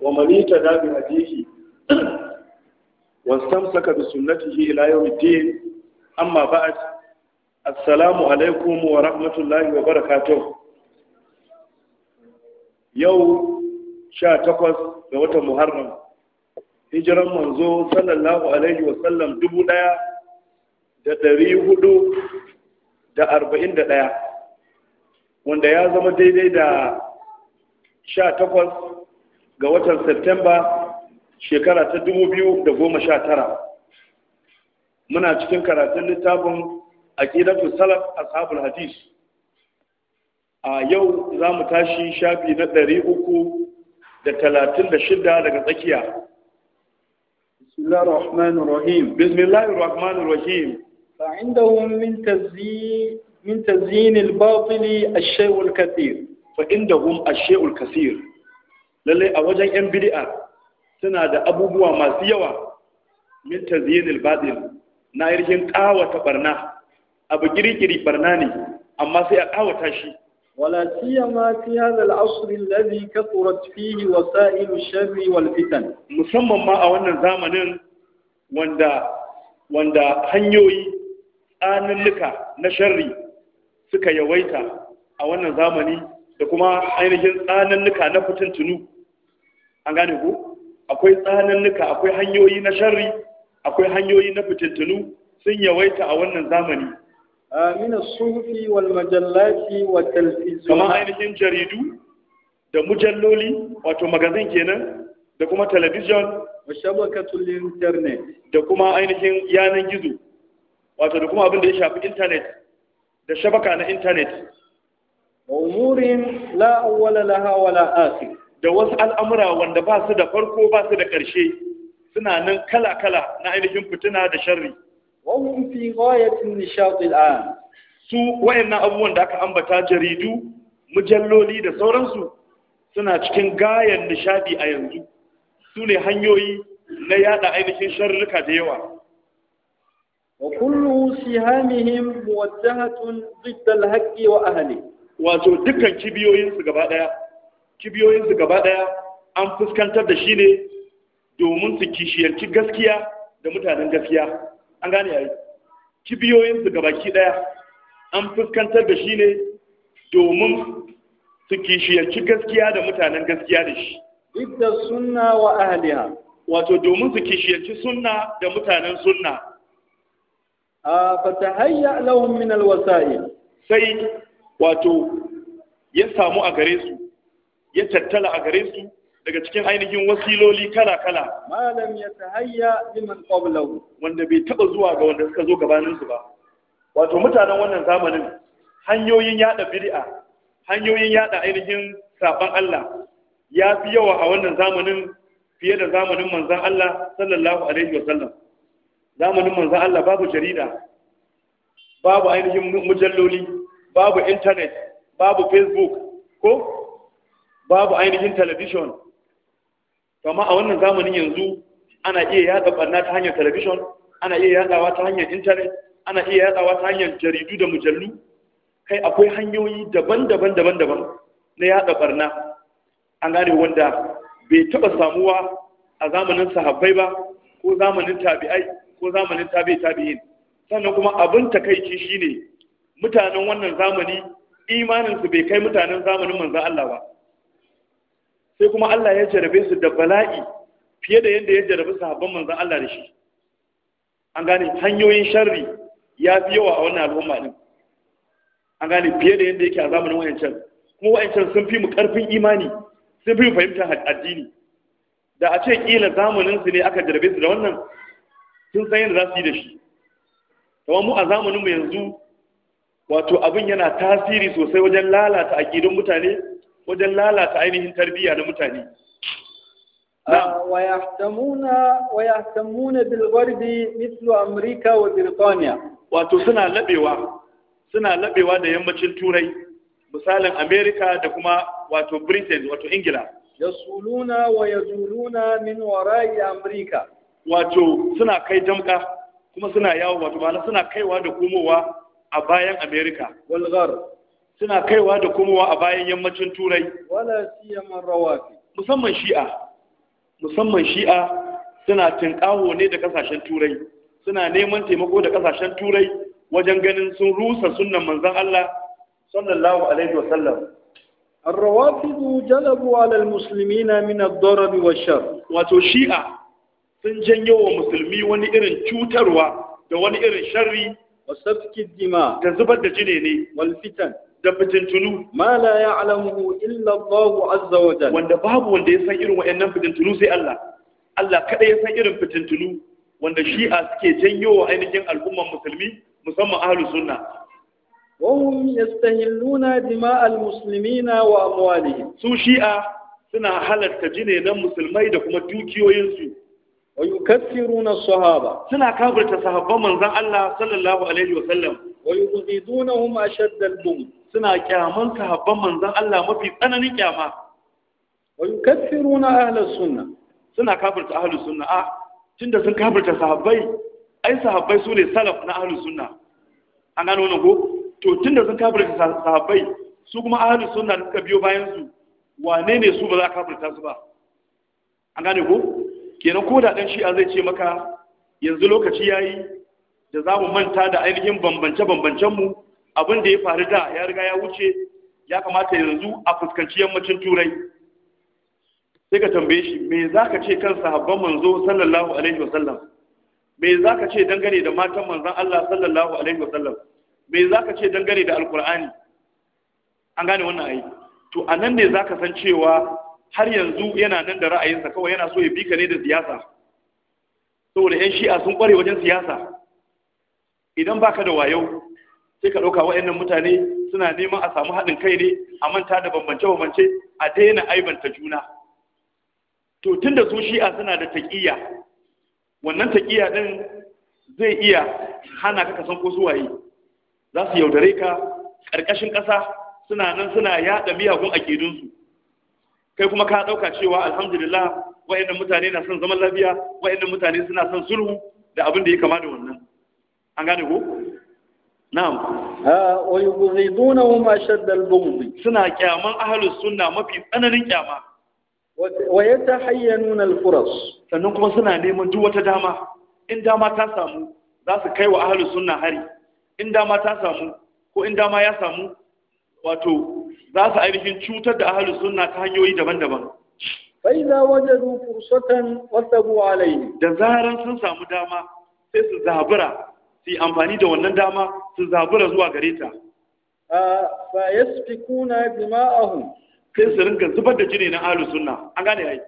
ومن اهتدى بهديه واستمسك بسنته إلى يوم الدين أما بعد السلام عليكم ورحمة الله وبركاته يوم sha takwas ga watan Muharram. Hijiran manzo sallallahu Alaihi sallam dubu ɗaya da ɗari hudu da arba'in da ɗaya, wanda ya zama daidai da sha takwas ga watan Septemba shekara ta 2019 muna cikin karatun littafin aqidatu salaf ashabul hadis a yau za mu tashi shafi na 336 daga tsakiya bismillahir rahmanir rahim bismillahir rahmanir rahim fa indahum min tazyin min tazyin al-batil ash-shay'ul kathir fa'indahum ash-shay'ul kathir lalle a wajen yan bid'a suna da abubuwa masu yawa min tazyinil batil na irin kawata barna abu girgiri barna ne amma sai a kawata shi ولا سيما في هذا العصر الذي كثرت فيه وسائل الشر والفتن musamman ma a wannan zamanin wanda wanda hanyoyi tsanannuka na sharri suka yawaita a wannan zamani da kuma ainihin tsanannuka na fitintunu an gane ku akwai tsanannuka akwai hanyoyi na sharri akwai hanyoyi na fitintunu sun yawaita a wannan zamani min as-suhufi wal majallati wa talfizun kamar ainihin jaridu da mujalloli wato magazin kenan da kuma talabijin wa shabakatul internet da kuma ainihin yanan gizo wato da kuma abin da ya shafi internet da shabaka na internet wa umurin la awwala laha wala akhir da wasu al'amura wanda ba su da farko ba su da ƙarshe suna nan kala-kala na ainihin fitina da shari. Wahun fi ghayatin nishaɗi a Su wayannan abubuwan da aka ambata jaridu, mujalloli da sauransu suna cikin gayan nishaɗi a yanzu. Su ne hanyoyi na yada ainihin sharrika da yawa. Wa kullu sihamihim muwajjahatun wa Wato dukkan kibiyoyinsu gaba ɗaya kibiyoyinsu gaba ɗaya an fuskantar da shi ne domin su kishiyarci gaskiya da mutanen gaskiya an gane yayi kibiyoyinsu gaba ki ɗaya an fuskantar da shi ne domin su kishiyarci gaskiya da mutanen gaskiya da shi duk da sunna wa ahliha wato domin su kishiyarci sunna da mutanen sunna a fatahayya lahum min alwasa'il sai wato ya samu a gare su ya tattala a gare su daga cikin ainihin wasiloli kala-kala malam ya ta hayya liman qablahu wanda bai taba zuwa ga wanda suka zo gabanin su ba wato mutanen wannan zamanin hanyoyin yada bid'a hanyoyin yada ainihin saban Allah ya fi yawa a wannan zamanin fiye da zamanin manzon Allah sallallahu alaihi wa sallam zamanin manzon Allah babu jarida babu ainihin mujalloli babu intanet, babu facebook ko babu ainihin talabishon amma a wannan zamanin yanzu ana iya yada barna ta hanyar talabishon ana iya yadawa ta hanyar intanet ana iya yadawa ta hanyar jaridu da mujallu kai akwai hanyoyi daban-daban daban-daban na yada barna an gane wanda bai taba samuwa a zamanin sahabbai ba ko zamanin tabi'ai ko zamanin tabi'i tabi'in sannan kuma abin takaici shine mutanen wannan zamani imaninsu bai kai mutanen zamanin manzo Allah ba sai kuma Allah ya jarabe su da bala'i fiye da yadda ya jarabe sahabban manzon Allah da shi an gane hanyoyin sharri ya fi yawa a wannan al'umma din an gane fiye da yadda yake a zamanin wayancan kuma wayancan sun fi mu karfin imani sun fi mu fahimtar addini da a ce kila zamanin su ne aka jarabe su da wannan sun san yadda za su yi da shi kamar mu a zamanin mu yanzu wato abin yana tasiri sosai wajen lalata aƙidun mutane wajen lalata ainihin tarbiyya na mutane ويهتمون mislu Amurka wa Birtaniya. wato suna labewa suna labewa da yammacin turai misalin Amerika da kuma wato britain wato ingila suluna wa yazuluna min wara'i amurka wato suna kai jamka kuma suna yawo wato ma'ana suna kaiwa da komowa a bayan Amerika. wal suna kaiwa da komowa a bayan yammacin turai wala siyaman rawafi musamman shi'a musamman shi'a suna tinkawo ne da kasashen turai suna neman taimako da kasashen turai wajen ganin sun rusa sunnan manzon Allah sallallahu alaihi wa sallam الروافض جلبوا على المسلمين من الضرر والشر wato shi'a sun janyo wa musulmi wani irin cutarwa da wani irin sharri wa safki dima da zubar da jine ne wal fitan da fitintunu ma la ya'lamu illa Allah azza wa jalla wanda babu wanda ya san irin wayannan fitintunu sai Allah Allah kada ya san irin fitintunu wanda shi'a suke janyo wa ainihin al'umman musulmi musamman ahlus sunna وهم يستهلون دماء wa وأموالهم su shi'a suna halarta jinenan musulmai da kuma dukiyoyinsu wa yukaffiruna sahaba suna kafirta sahabban manzon Allah sallallahu alaihi wa sallam wa yubghidunhum ashadda al-bum suna kyaman sahabban manzon Allah mafi tsananin kyama wa yukaffiruna ahla sunna suna kafirta ahli sunna a tunda sun kafirta sahabbai ai sahabbai su ne salaf na ahli sunna an gano wannan ko to tunda sun kafirta sahabbai su kuma ahli sunna da suka biyo bayan su wane ne su ba za a kafirta su ba an gane ko kenan ko da dan shi'a zai ce maka yanzu lokaci yayi da za mu manta da ainihin bambance-bambancenmu abin da ya faru da ya riga ya wuce ya kamata yanzu a fuskanci yammacin turai sai ka tambaye shi me za ka ce kan sahabban manzo sallallahu alaihi wasallam me za ka ce dangane da matan manzan Allah sallallahu alaihi wasallam me za ka ce dangane da alkur'ani an gane wannan ayi to a nan ne za ka san cewa har yanzu yana nan da ra'ayinsa kawai yana so ya bi ka ne da siyasa saboda 'yan shi'a sun kware wajen siyasa idan baka da wayo sai ka ɗauka wa'annan mutane suna neman a samu haɗin kai ne a manta da bambance-bambance a daina aibanta juna to tun da su shi'a suna da taƙiyya wannan taƙiyya ɗin zai iya hana ka kasan ko waye. za su yaudare ka ƙarƙashin ƙasa suna nan suna yaɗa miyagun aƙidunsu kai kuma ka ɗauka cewa alhamdulillah wa'annan mutane na son zaman lafiya wa'annan mutane suna son sulhu da abin da ya kama da wannan an gane ko na'am wa yubghidunahum ashadda al-bughd suna kyaman ahlus sunna mafi tsananin kyama wa yatahayyanuna al-furas sannan kuma suna neman duk wata dama in dama ta samu za su kai wa ahlus sunna hari in dama ta samu ko in dama ya samu wato za su ainihin cutar da ahlus sunna ta hanyoyi daban-daban فإذا wajadu fursatan wasabu عليه da zaran sun samu dama sai su zabura su yi amfani da wannan dama su zabura zuwa gare ta fa yasfikuna dima'ahum sai su rinka zubar da jini na ahlus sunna an gane yayi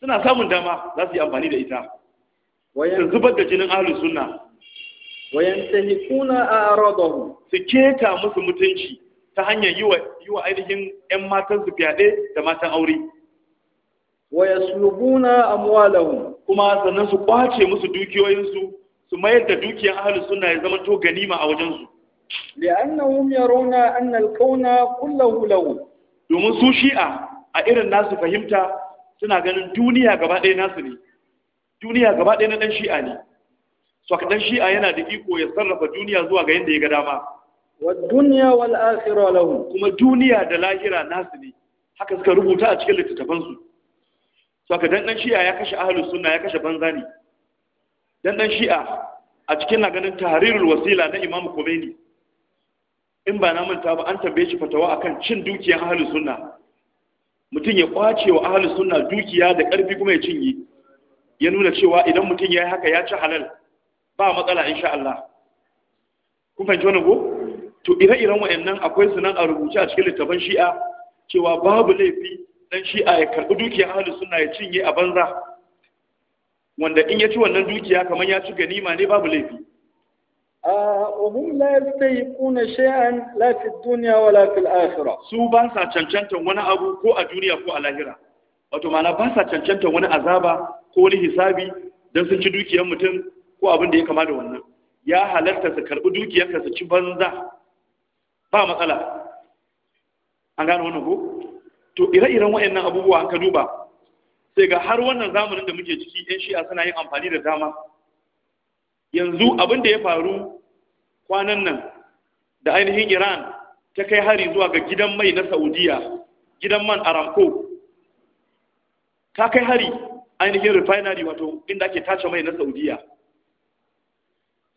suna samun dama za su yi amfani da ita su zubar da jinin ahlus sunna a a'radahum su keta musu mutunci ta hanyar yi wa yi wa ainihin ƴan matan su fyaɗe da matan aure a amwalahum kuma sannan su kwace musu dukiyoyinsu su mayar da dukiyar ahlus suna ya zama to ganima a wajen su li'annahum yarawna anna al-kauna kulluhu lahu domin su shi'a a irin nasu fahimta suna ganin duniya gaba ɗaya nasu ne duniya gaba ɗaya na ɗan shi'a ne so ka ɗan shi'a yana da iko ya sarrafa duniya zuwa ga yadda ya ga dama wa duniya wal akhirah lahu kuma duniya da lahira nasu ne haka suka rubuta a cikin littattafansu su ka dan dan shi'a ya kashe ahlus sunna ya kashe banza ne dan dan shi'a a cikin na ganin tahrirul wasila na imam khomeini in ba na manta ba an tambaye shi fatawa akan cin dukiyar ahlus sunna mutum ya kwace wa ahlus sunna dukiya da karfi kuma ya cinye ya nuna cewa idan mutum ya yi haka ya ci halal ba matsala insha Allah kun fahimci wannan ko to ire-iren wayannan akwai su nan a rubuce a cikin littafan shi'a cewa babu laifi dan shi'a ya karbi dukiyar ahlus sunna ya cinye a banza wanda in ya ci wannan dukiya kamar ya ci ganima ne babu laifi وهم لا يستيقون شيئا لا في الدنيا ولا في الآخرة su ba sa cancantan wani abu ko a duniya ko a lahira wato mana ba sa cancantan wani azaba ko wani hisabi don sun ci dukiyar mutum ko abin da ya kama da wannan ya halarta su karɓi ka su ci banza ba matsala an gano wannan ko to ire-iren wa'annan abubuwa an ka duba sai ga har wannan zamanin da muke ciki yan shi'a suna yin amfani da dama yanzu abin da ya faru kwanan nan da ainihin iran ta kai hari zuwa ga gidan mai na saudiya gidan man aramco ta kai hari ainihin refinery wato inda ake tace mai na saudiya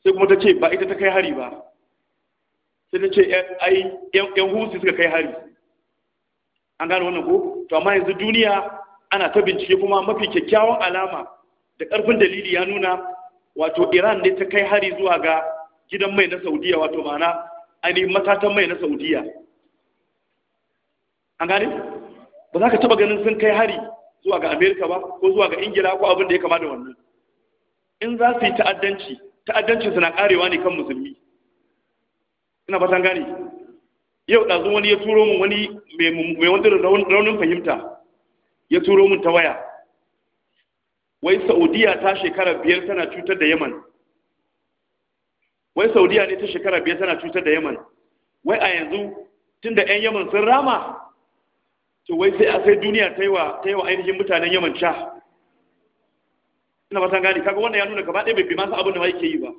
sai kuma ta ce ba ita ta kai hari ba sai ta ce ai yan husi suka kai hari an gano wannan ko to amma yanzu duniya ana ta bincike kuma mafi kyakkyawan alama da ƙarfin dalili ya nuna wato iran ne ta kai hari zuwa ga gidan mai na saudiya wato mana ainihin matatan mai na saudiya an gane ba za ka taba ganin sun kai hari zuwa ga amerika ba ko zuwa ga ingila ko abin da ya kama da wannan in za su yi ta'addanci ta'addanci suna karewa ne kan musulmi ina fatan gane yau ɗazu wani ya turo min wani mai wani raunin fahimta ya turo mun ta waya wai saudiya ta shekara biyar tana cutar da yaman wai saudiya ne ta shekara biyar tana cutar da yaman wai a yanzu tun da 'yan yaman sun rama to wai sai a sai duniya ta yi wa ainihin mutanen yaman sha ina ba san gani kaga wannan ya nuna gaba ɗaya bai masa abin da ma yake yi ba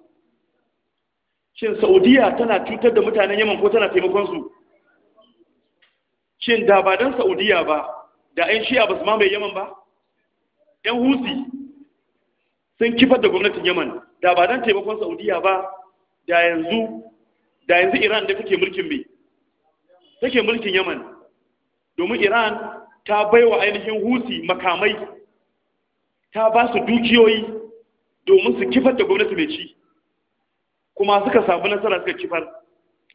shin saudiya tana cutar da mutanen yaman ko tana taimakon su shin da ba dan saudiya ba da 'yan shi'a ba su mamaye yaman ba 'yan husi sun kifar da gwamnatin yaman da ba don taimakon saudiya ba da yanzu da yanzu iran da take mulkin mai take mulkin yaman domin iran ta baiwa ainihin husi makamai ta ba su dukiyoyi domin su kifar da gwamnati mai ci kuma suka samu nasara suka kifar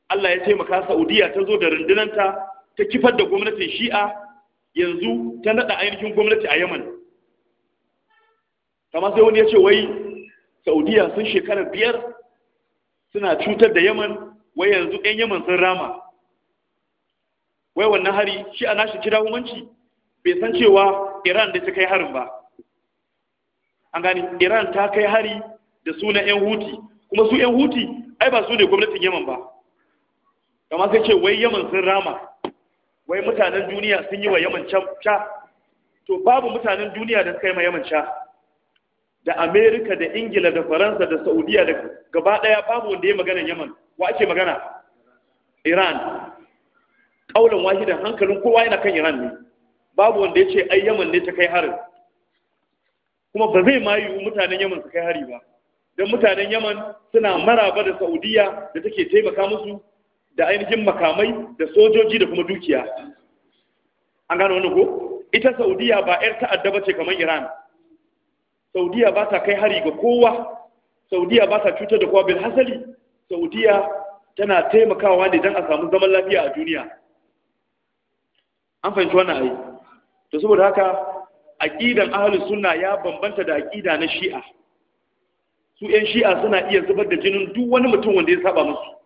Allah ya taimaka Saudiya ta zo da rundunanta ta kifar da gwamnatin Shi'a yanzu ta naɗa ainihin gwamnati a yaman kamar sai wani ya ce wai saudiya sun shekara biyar suna cutar da yaman wai yanzu 'yan yaman sun rama wai wannan hari shi a nashi kira humanci bai san cewa iran da ta kai harin ba an gani iran ta kai hari da suna 'yan huti kuma su 'yan huti ai ba su ne gwamnatin yaman ba kama sai ce wai yaman sun rama wai mutanen duniya sun yi wa yaman sha to babu mutanen duniya da suka yi ma yaman sha da amerika da ingila da faransa da saudiya da gaba daya babu wanda ya magana yaman wa ake magana iran ƙaunar wahidan hankalin kowa yana kan iran ne babu wanda ya ce ai yaman ne ta kai harin kuma ba zai ma yiwu mutanen yaman su kai hari ba don mutanen yaman suna maraba da saudiya da take taimaka musu da ainihin makamai da sojoji da kuma dukiya an gano wani ko ita saudiya ba 'yar ta'adda ba ce kamar iran saudiya ba ta kai hari ga kowa saudiya ba ta cutar da kowa bil hasali saudiya tana taimakawa ne don a samu zaman lafiya a duniya an fahimci wannan ai to saboda haka aqidan ahalin sunna ya bambanta da aqida na shi'a su 'yan shi'a suna iya zubar da jinin duk wani mutum wanda ya saba musu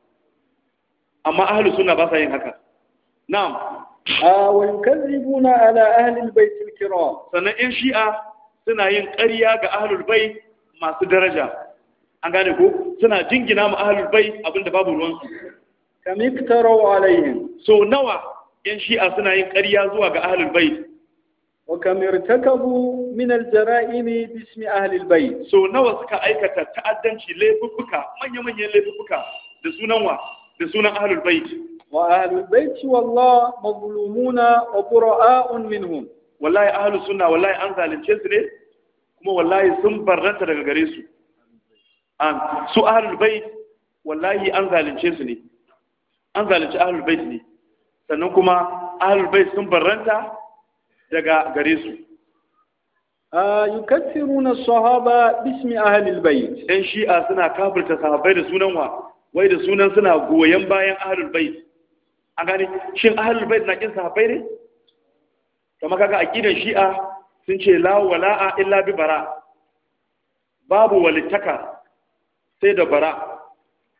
amma ahlus sunna ba sa yin haka na'am wa yukazzibuna ala ahli albayt alkiram sannan in shi'a suna yin ƙarya ga ahlul bayt masu daraja an gane ko suna jingina ma ahlul bayt abinda babu ruwan su kam iktaraw alaihim so nawa in shi'a suna yin ƙarya zuwa ga ahlul bayt wa kam irtakabu min aljara'im bismi ahli albayt so nawa suka aikata ta'addanci laifuka manya-manyan laifuka da sunan wa da sunan ahlul bait wa ahlul bait wallah mazlumuna wa qura'un minhum wallahi ahlus sunna wallahi an zalunce su ne kuma wallahi sun barranta daga gare su su ahlul bait wallahi an zalunce su ne an zalunci ahlul bait ne sannan kuma ahlul bait sun barranta daga gare su yukaffiruna sahaba bismi ahlil shi'a suna kafirta sahabbai da wai da sunan suna goyon bayan ahalul bait an gane shin ahalul bai na kin sahabbai ne kamar kaga aqidan shi'a sun ce la wala'a illa bi bara babu walittaka sai da bara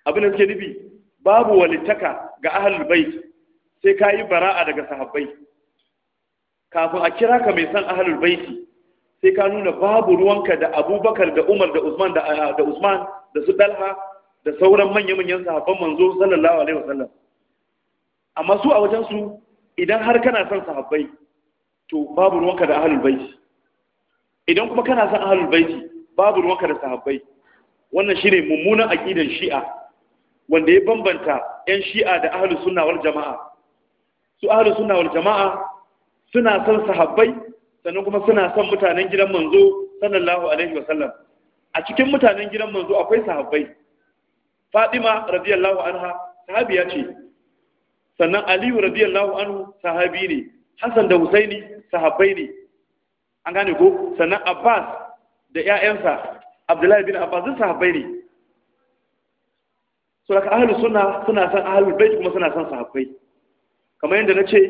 abin da suke nufi babu walittaka ga ahalul bait sai yi bara'a daga sahabbai kafin a kira ka mai san ahlul baiti sai ka nuna babu ruwanka da abubakar da umar da usman da ah, usman da su dalha da sauran manya-manyan sahabban manzo sallallahu alaihi wasallam amma su a wajen su idan har kana son sahabbai to babu ruwanka da ahlul baiti idan kuma kana son ahlul baiti babu ruwanka da sahabbai wannan shine mummunan aqidan shi'a wanda ya bambanta yan shi'a da ahlus sunna wal jama'a su ahlus sunna wal jama'a suna son sahabbai sannan kuma suna son mutanen gidan manzo sallallahu alaihi wasallam a cikin mutanen gidan manzo akwai sahabbai Fadima radiyallahu anha sahabiya ce sannan Aliyu radiyallahu anhu sahabi ne Hassan da Husaini sahabbai ne an gane ko sannan Abbas da ƴaƴansa Abdullahi bin Abbas sun sahabbai ne so daga ahlus sunna suna san ahlul bait kuma suna san sahabbai kamar yadda na ce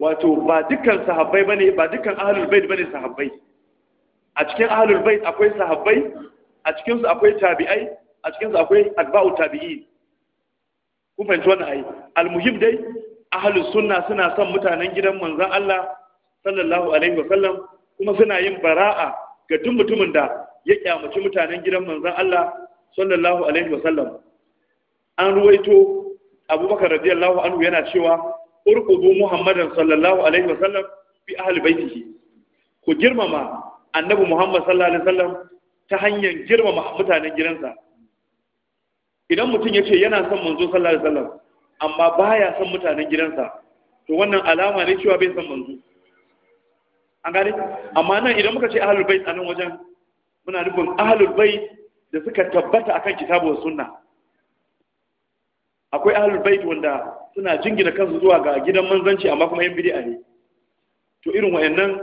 wato ba dukkan sahabbai bane ba dukkan ahlul bait bane sahabbai a cikin ahlul bait akwai sahabbai a cikin su akwai tabi'ai a cikin su akwai atba'u tabi'i kun fahimci wannan ayi almuhim dai ahli sunna suna son mutanen gidan manzon Allah sallallahu alaihi wa sallam, kuma suna yin bara'a ga duk mutumin da ya kyamaci mutanen gidan manzon Allah sallallahu alaihi wa sallam. an ruwaito abubakar radiyallahu anhu yana cewa urqubu muhammadan sallallahu alaihi wa sallam fi ahli baitihi ku girmama annabi muhammad sallallahu alaihi sallam ta hanyar girmama mutanen gidansa idan mutum ya ce yana son manzo sallallahu alaihi wasallam amma baya son mutanen gidansa to wannan alama ne cewa bai son manzo an gane amma nan idan muka ce ahlul bait anan wajen muna nufin ahlul bait da suka tabbata akan kitabu wa sunna akwai ahlul bait wanda suna jingina kansu zuwa ga gidan manzanci amma kuma yan bid'a ne to irin wayannan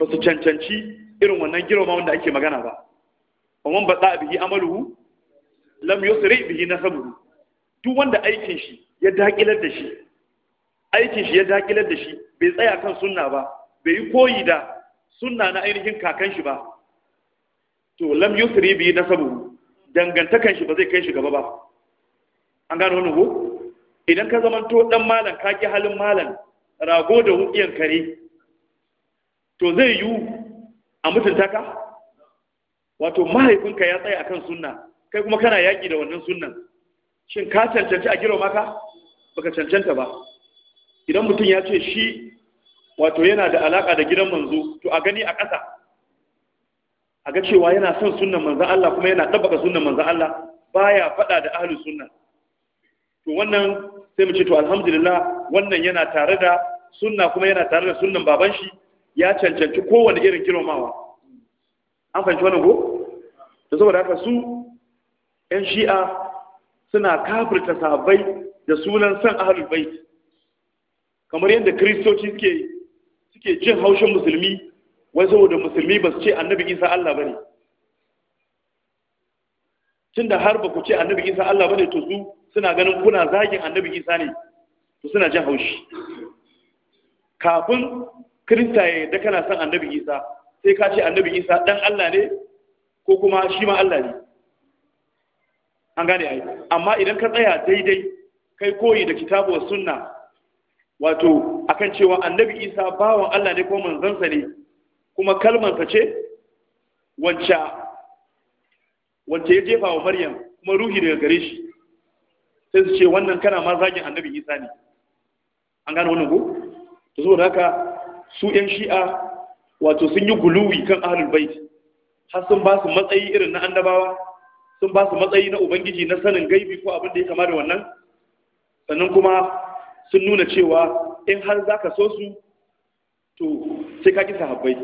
ba su cancanci irin wannan girma wanda ake magana ba ba man a bihi amaluhu lam yusri bihi nasabuhu duk wanda aikin shi ya dakilar da shi aikin shi ya dakilar da shi bai tsaya kan sunna ba bai yi koyi da sunna na ainihin kakan shi ba to lam yusri bihi nasabuhu dangantakan shi ba zai kai shi gaba ba an gano wannan ko idan ka to dan malam ka ki halin malam rago da wuƙiyan kare to zai yiwu a mutunta ka wato mahaifinka ya tsaya akan sunna kai kuma kana yaƙi da wannan sunnan shin ka cancanci a girma maka baka cancanta ba idan mutum ya ce shi wato yana da alaƙa da gidan manzo to a gani a ƙasa a ga cewa yana son sunnan manzan Allah kuma yana tabbaka sunan manzan Allah baya faɗa da ahlus sunna to wannan sai mu ce to alhamdulillah wannan yana tare da sunna kuma yana tare da sunnan baban shi ya cancanci kowane irin girmamawa an fahimci wannan ko Da saboda haka su yan shi'a suna kafirta sabai da sunan san ahlul bait kamar yadda kristoci suke cin haushin musulmi wai saboda musulmi ba su ce annabi isa allah bane tunda har ba ku ce annabi isa allah bane to su suna ganin kuna zagin annabi isa ne to suna jin haushi kafin kirista ya yarda kana san annabi isa sai ka ce annabi isa dan allah ne ko kuma shi ma allah ne an gane ai amma idan ka tsaya daidai kai koyi da kitabu wa sunna wato akan cewa annabi isa bawan allah ne ko manzansa ne kuma kalmansa ce wacce wacce ya jefa wa maryam kuma ruhi daga gare shi sai su ce wannan kana ma zagin annabi isa ne an gane wannan ko to haka su yan shi'a wato sun yi guluwi kan ahlul bait har sun ba su matsayi irin na annabawa sun ba su matsayi na ubangiji na sanin gaibi ko abin da ya kama da wannan sannan kuma sun nuna cewa in har za ka so su to sai ka kisa habbai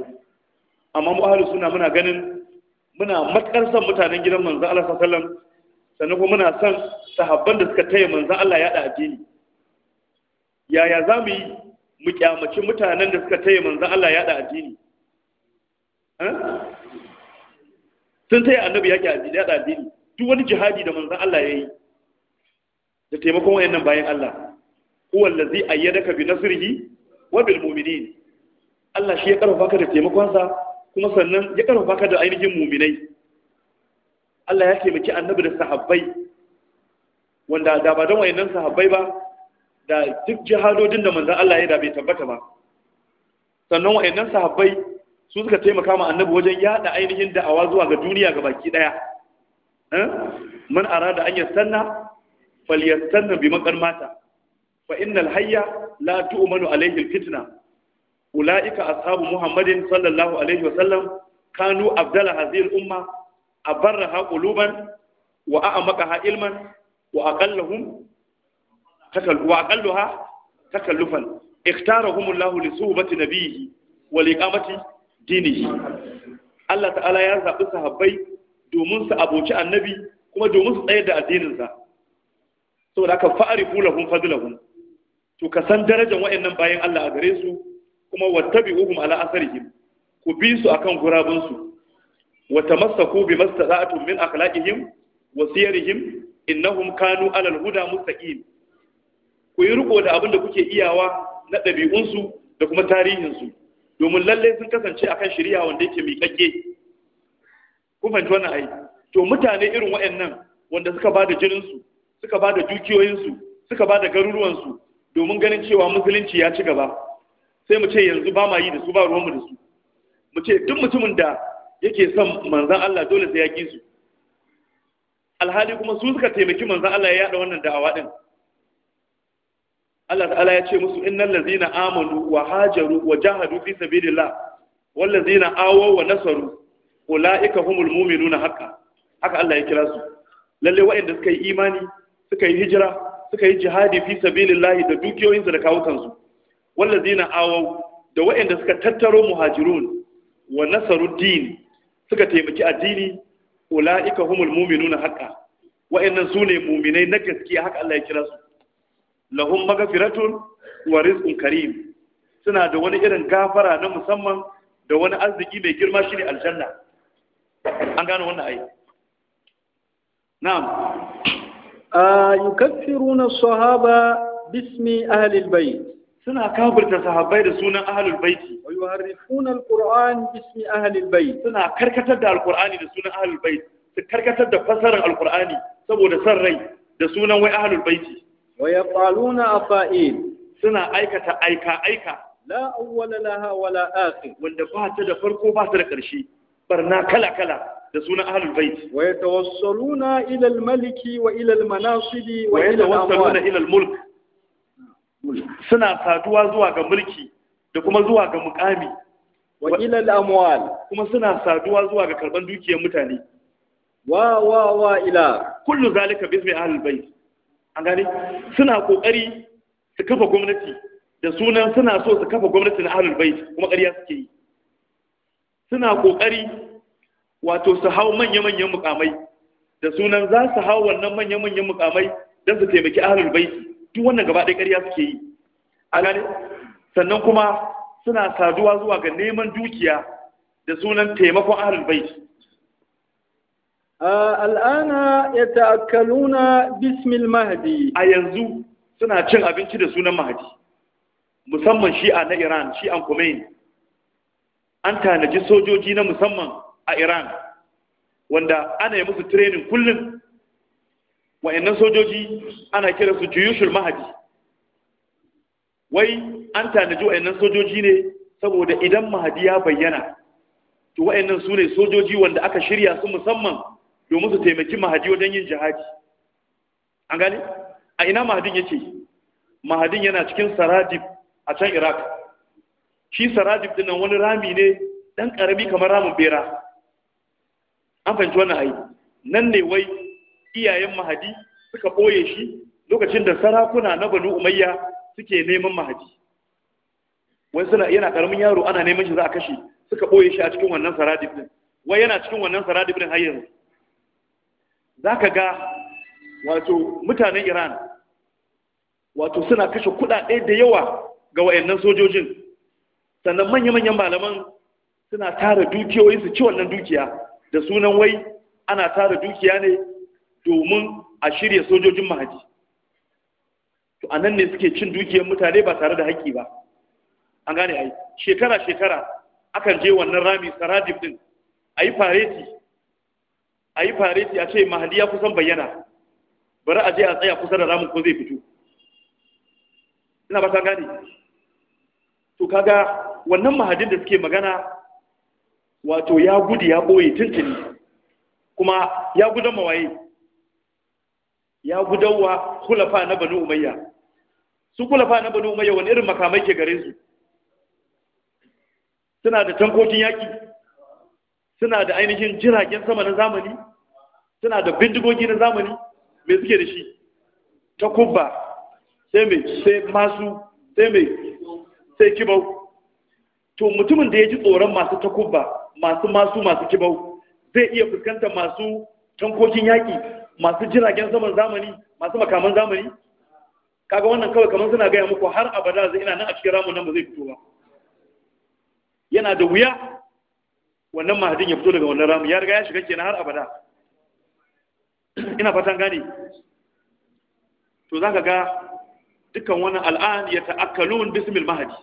amma mu suna muna ganin muna matkar son mutanen gidan manzan Allah sallallahu alaihi wasallam sannan kuma muna son sahabban da suka taya manzan Allah ya da addini yaya za mu yi mu kyamaci mutanen da suka taya manzan Allah ya da addini sun sai annabi yaki addini ya addini duk wani jihadi da manzan Allah ya yi. da taimakon nan bayan Allah huwa allazi ka bi nasrihi wa bil mu'minin Allah shi ya karfafa ka da taimakon sa kuma sannan ya karfafa ka da ainihin mu'minai Allah ya taimaki annabi da sahabbai wanda da ba don nan sahabbai ba da duk jihadodin da manzan Allah ya da bai tabbata ba sannan nan sahabbai su suka taimaka ma annabi wajen yada ainihin da'awa zuwa ga duniya ga baki daya eh? man arada an yastanna falyastanna bi maqan mata fa innal hayya la tu'manu alayhi alfitna ulaika ashabu muhammadin sallallahu alaihi wa sallam kanu abdala hadhihi al-umma abarraha quluban wa a'maqaha ilman wa aqallahum takallu wa aqalluha takallufan اختارهم الله لصحبة نبيه ولإقامة dinihi Allah ta'ala ya zaɓi sahabbai domin su aboci annabi kuma domin su tsayar da addininsa saboda aka fa’ari lahum fadlahum to ka san darajar wayannan bayan Allah a gare su kuma wattabi'uhum ala asarihim ku bi su akan gurabinsu su wa tamassaku bi mastata'atum min akhlaqihim wa siyarihim innahum kanu ala huda mustaqim ku yi riko da abinda kuke iyawa na ɗabi'unsu da kuma tarihinsu domin lallai sun kasance akan shari'a wanda yake miƙaƙe kun fahimci wannan ai to mutane irin waɗannan wanda suka ba da su suka ba da su, suka ba da su, domin ganin cewa musulunci ya ci gaba sai mu ce yanzu ba ma yi da su ba ruwan mu da su mu ce duk mutumin da yake son manzan Allah dole sai ya ƙi su alhali kuma su suka taimaki manzan Allah ya yada wannan da'awa din. Allah ta'ala ya ce musu innal ladzina amanu wa hajaru wa jahadu fi sabilillah wal ladzina awaw wa nasaru ulaika humul mu'minuna haqqan haka Allah ya kira su lalle waɗanda suka yi imani suka yi hijira suka yi jihadi fi sabilillah da dukiyoyinsu da kawukansu wal ladzina awaw da waɗanda suka tattaro muhajirun wa nasaru din suka taimaki addini ulaika humul mu'minuna haqqan Wa'annan sune mu'minai na gaskiya haka Allah ya kira su lahum maghfiratun wa rizqun karim suna da wani irin gafara na musamman da wani arziki mai girma shi shine aljanna an gano wannan ayi na'am A yukaffiruna sahaba bismi ahli albayt suna kafirta sahabbai da sunan ahlul baiti wa yuharrifuna alquran bismi ahli albayt suna karkatar da alqurani da sunan ahlul bait su karkatar da fasarar alqurani saboda san rai da sunan wai ahlul baiti wa yaqaluna afa'il suna aikata aika aika la awwala laha wala akhir wanda ba ta da farko ba ta da ƙarshe barna kala kala da sunan ahlul bait wa yatawassaluna ila al maliki wa ila al manasibi wa ila yatawassaluna ila al mulk suna saduwa zuwa ga mulki da kuma zuwa ga mukami wa ila al amwal kuma suna saduwa zuwa ga karban dukiyar mutane wa wa wa ila kullu zalika bismi ahlul bait an gane suna kokari su kafa gwamnati da sunan suna so su kafa gwamnati na ahlul bait kuma ƙarya suke yi suna kokari wato su hau manya-manyan mukamai da sunan za su hau wannan manya-manyan mukamai don su taimaki ahlul bait duk wannan gaba ɗaya ƙarya suke yi a gane sannan kuma suna saduwa zuwa ga neman dukiya da sunan taimakon ahlul bait al'ana ya ta'akkaluna bismil mahdi a yanzu suna cin abinci da sunan mahdi musamman shi'a na iran shi'an kumain an tanaji sojoji na musamman a iran wanda ana yi musu training kullum wa'annan sojoji ana kira juyushul mahadi wai an tanaji wa'annan sojoji ne saboda idan mahadi ya bayyana to wa'annan su ne sojoji wanda aka shirya su musamman domin su taimaki mahadi wajen yin jihadi an gani a ina mahadin yake mahadin yana cikin saradif a can iraq shi saradif dinan wani rami ne dan karami kamar ramin bera an fahimci wannan hayi nan ne wai iyayen mahadi suka boye shi lokacin da sarakuna na banu umayya suke neman mahadi wai suna yana karamin yaro ana neman shi za a kashe suka boye shi a cikin wannan saradif din wai yana cikin wannan saradif din har yanzu za ka ga wato mutanen iran wato suna kashe kudade da yawa ga wayannan sojojin sannan manya-manyan malaman suna tara dukiyoyi su ci wannan dukiya da sunan wai ana tara dukiya ne domin a shirya sojojin mahaji to a nan ne suke cin dukiyar mutane ba tare da haƙƙi ba an gane ai shekara-shekara akan je wannan rami saradif din a yi fareti a yi fareti a ce mahadi ya kusan bayyana bari a je a tsaya kusa da ramin ko zai fito ina ba ta gane to kaga wannan mahadin da suke magana wato ya gudu ya ɓoye tuntuni kuma ya gudan mawaye ya gudanwa kulafa na banu umayya su kulafa na banu umayya wani irin makamai ke gare su suna da tankokin yaki. suna da ainihin jiragen sama na zamani suna da bindigogi na zamani mai suke da shi ta kubba sai mai sai masu sai mai sai kibau to mutumin da ya ji tsoron masu ta kubba masu masu masu kibau zai iya fuskanta masu tankokin yaƙi masu jiragen saman zamani masu makaman zamani kaga wannan kawai kamar suna gaya muku har abada zai ina nan a cikin ramun nan ba zai fito ba yana da wuya wannan mahadin ya fito daga wannan ramin ya riga ya shiga kenan har abada ina fatan gane to za ga dukkan wannan al'an ya ta'akkalun bismil mahadi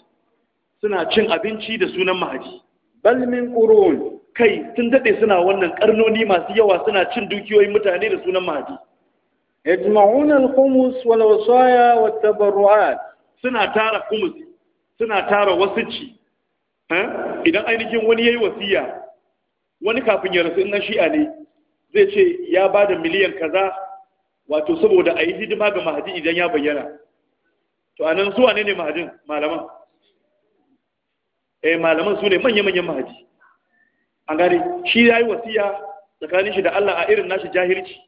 suna cin abinci da sunan mahadi bal min qurun kai tun dade suna wannan karnoni masu yawa suna cin dukiyoyin mutane da sunan mahadi yajma'un al-khumus wal wasaya wat tabarru'at suna tara khumus suna tara wasici idan ainihin wani ya yi wasiya wani kafin ya rasu in shi'a ne zai ce ya ba da miliyan kaza wato saboda a yi hidima ga mahadi idan ya bayyana to a nan zuwa ne ne mahadin malaman eh malaman su ne manya-manyan mahadi an gane shi ya yi wasiya tsakanin shi da Allah a irin nashi jahilci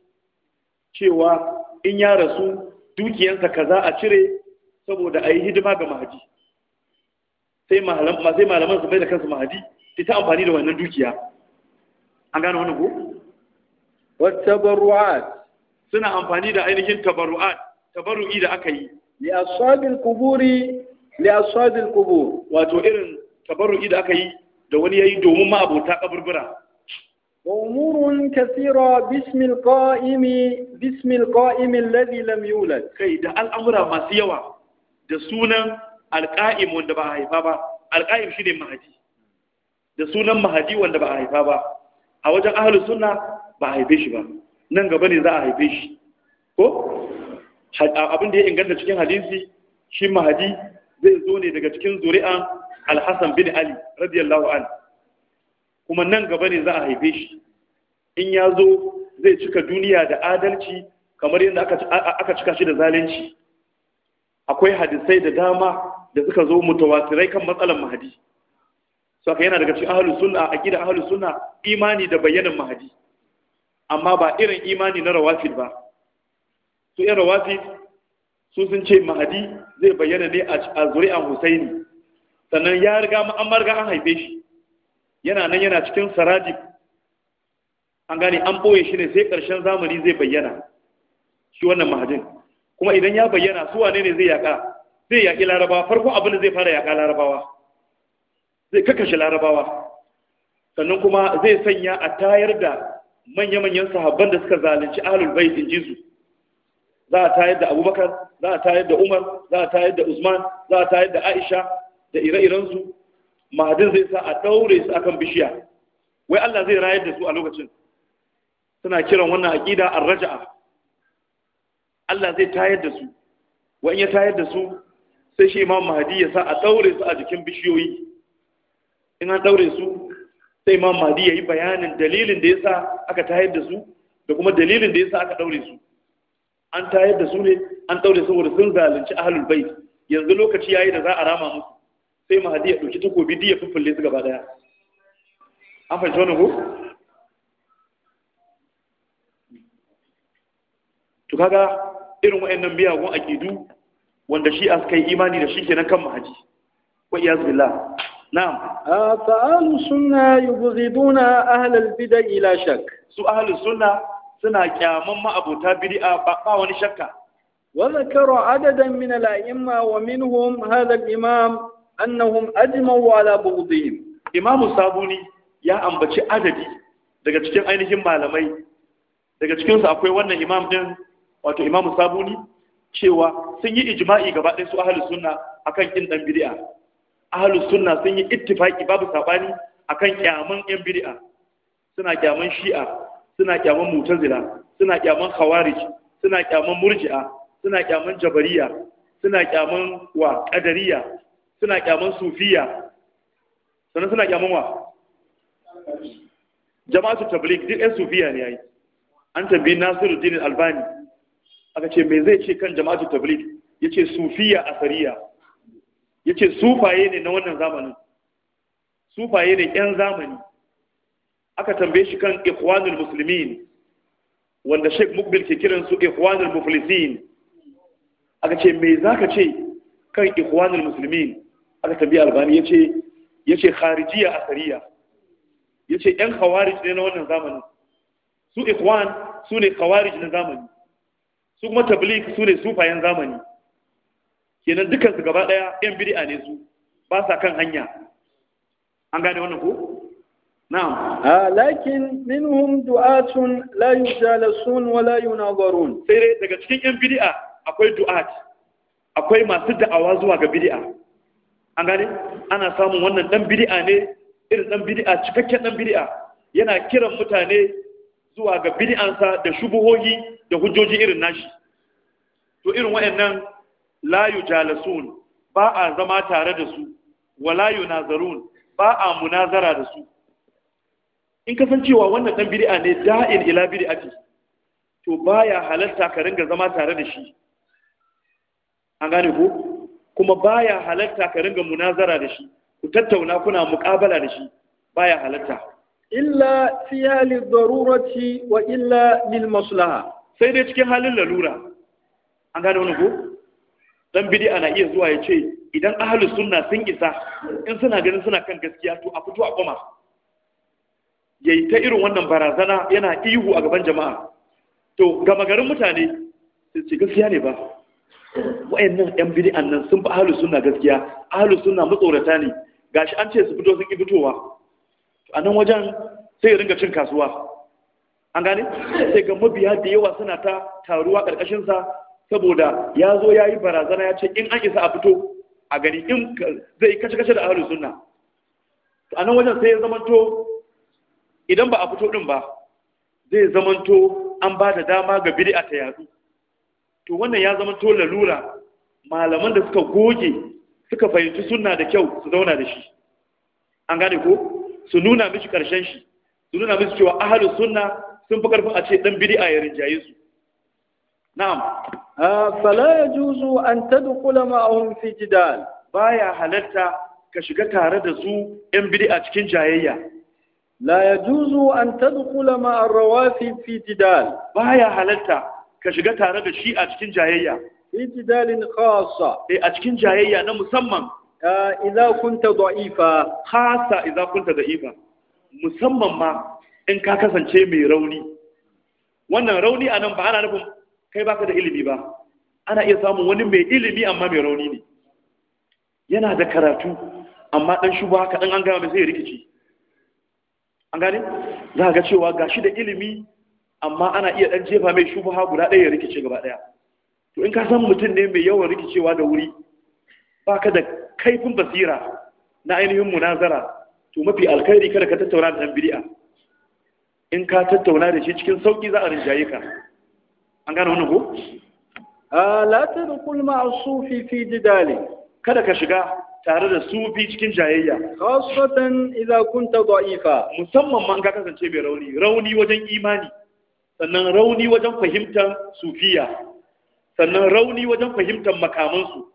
cewa in ya rasu dukiyansa kaza a cire saboda a yi hidima ga mahadi sai malaman su mai da kansu mahadi sai ta amfani da wannan dukiya an gane wani ko wattabaru'at suna amfani da ainihin tabaru'at tabaru'i da aka yi li ashabil quburi li ashabil qubur wato irin tabarru'i da aka yi da wani yayi domin ma'abota kaburbura wa umurun kathira bismi alqa'imi bismi alqa'imi alladhi lam yulad kai da al'amura masu yawa da sunan Alƙa'im wanda ba a haifa ba shi ne mahadi da sunan mahadi wanda ba a haifa ba a wajen ahalus suna ba a haife shi ba nan gaba ne za a haife shi ko abin da ya inganta cikin hadisi shi mahadi zai zo ne daga cikin zuri'a alhassan bin ali radiyallahu an kuma nan gaba ne za a haife shi in ya zo zai cika duniya da adalci kamar yadda aka cika shi da zalunci akwai hadisai da dama da suka zo mutawatirai kan matsalan mahadi saka yana daga cikin ahlus sunna akida ahlus sunna imani da bayanan mahadi amma ba irin imani na rawafid ba su irin rawafid su sun ce mahadi zai bayyana ne a zuri'an husaini sannan ya riga an marga an haife shi yana nan yana cikin saradi an gane an boye shi ne sai ƙarshen zamani zai bayyana shi wannan mahadin kuma idan ya bayyana su wane ne zai yaka zai yaƙi larabawa farko abin da zai fara yaƙa larabawa zai kakashe larabawa sannan kuma zai sanya a tayar da manya-manyan sahabban da suka zalunci alul bai in jizu za a tayar da abubakar za a tayar da umar za a tayar da usman za a tayar da aisha da ire-irensu mahadin zai sa a ɗaure su akan bishiya wai allah zai rayar da su a lokacin suna kiran wannan aƙida a raja'a allah zai tayar da su wa in ya tayar da su sai shi imam mahdi ya sa a daure su a jikin bishiyoyi in an daure su sai imam mahdi ya yi bayanin dalilin da ya sa aka tayar da su da kuma dalilin da ya sa aka daure su an tayar da su ne an daure saboda sun zalunci ahlul bai. yanzu lokaci yayi da za a rama musu sai mahdi ya dauki takobi diya fuffulle su gaba daya an fahimci wannan ko to kaga irin wa'annan biyagun akidu wanda shi suka yi imani da shi kenan kan mahaji wa iyaz billah na'am fa ahlu sunna yubghiduna ahl al bid'a ila shak su ahlu sunna suna kyaman ma'abota bid'a ba wani shakka wa zakara adadan min al a'imma wa minhum hadha al imam annahum ajma'u ala bughdihim imamu sabuni ya ambaci adadi daga cikin ainihin malamai daga cikinsu akwai wannan imam din wato imamu sabuni cewa sun yi ijma'i gaba ɗaya su Ahl-is-suna sunna akan kin dan bid'a ahalus sunna sun yi ittifaki babu sabani akan kyaman yan bid'a suna kyaman shi'a suna kyaman mutazila suna kyaman khawarij suna kyaman murji'a suna kyaman jabariya suna kyaman wa qadariya suna kyaman sufiya sannan suna kyaman wa jama'atu tabligh duk ƴan sufiya ne yayi an tabbi nasiruddin albani aka ce me zai ce kan jama'atu tabligh yace sufiya asariya yace sufaye ne na wannan zamanin sufaye ne yan zamani aka tambaye shi kan ikhwanul muslimin wanda Sheikh Mukbil ke kiran su ikhwanul muflisin aka ce za zaka ce kan ikhwanul muslimin aka tambaye albani yace yace kharijiya asariya yace yan khawarij ne na wannan zamanin su ikhwan su ne khawarij na zamani su kuma tabligh su ne sufayen zamani kenan dukkan su gaba daya yan bid'a ne su ba sa kan hanya an gane wannan ko na'am ah, lakin minhum du'atun la yujalasun wa la yunazarun sai dai daga cikin yan bid'a akwai du'at akwai masu da'awa zuwa ga bid'a an gane ana samun wannan dan bid'a ne irin dan bid'a cikakken dan bid'a yana kiran mutane zuwa ga bid'ansa da shubuhohi da hujjoji irin nashi to irin wayannan la yujalasun ba a zama tare da su wala yunazarun ba a munazara da su in kasancewa wannan dan bid'a ne da'in ila bid'ati to baya halatta ka ringa zama tare da shi an gane ko kuma baya halatta ka ringa munazara da shi ku tattauna kuna muqabala da shi baya halatta illa fi halin darurati wa illa lil maslaha sai dai cikin halin lalura an gane wani ko dan bid'a na iya zuwa ya ce idan ahli sunna sun isa in suna ganin suna kan gaskiya to a fito a koma yayi ta irin wannan barazana yana ihu a gaban jama'a to gama garin mutane su ce gaskiya ne ba wayannan yan bid'an nan sun fi ahli sunna gaskiya ahli sunna matsorata ne gashi an ce su fito sun fitowa a nan wajen sai ya ringa cin kasuwa an gane sai ga mabiya da yawa suna ta taruwa ƙarƙashinsa saboda ya zo ya yi barazana ya ce in an isa a fito a gani in zai kace-kace da ahlus sunna a nan wajen sai ya zamanto idan ba a fito din ba zai zamanto an ba da dama ga bid'a ta yadu to wannan ya zamanto lalura malaman da suka goge suka fahimci sunna da kyau su zauna da shi an gane ko su nuna mishi karshen shi su nuna mishi cewa ahalu sunna sun fi karfin a ce dan bid'a ya rinjaye su na'am fala yajuzu an tadkhula ma'ahum fi jidal baya halatta ka shiga tare da su yan bid'a cikin jayayya la yajuzu an tadkhula ma'a rawafid fi jidal baya halatta ka shiga tare da shi a cikin jayayya fi jidalin khassa eh a cikin jayayya na musamman idza kunta da'ifa khasa idza kunta da'ifa musamman ma in ka kasance mai rauni wannan rauni anan ba ana nufin kai baka da ilimi ba ana iya samun wani mai ilimi amma mai rauni ne yana da karatu amma dan shuba ka dan an gama mai sai rikici an gane za ga cewa gashi da ilimi amma ana iya dan jefa mai shubuha guda ɗaya ya rikice gaba ɗaya to in ka san mutum ne mai yawan rikicewa da wuri baka da kaifin basira na ainihin munazara to mafi alkhairi kada ka tattauna da dan bid'a in ka tattauna da shi cikin sauki za a rinjaye ka an gane wannan ko la tadkhul ma'a sufi fi jidali kada ka shiga tare da sufi cikin jayayya khasatan idza kunta da'ifa musamman man ka kasance mai rauni rauni wajen imani sannan rauni wajen fahimtar sufiya sannan rauni wajen fahimtar makamansu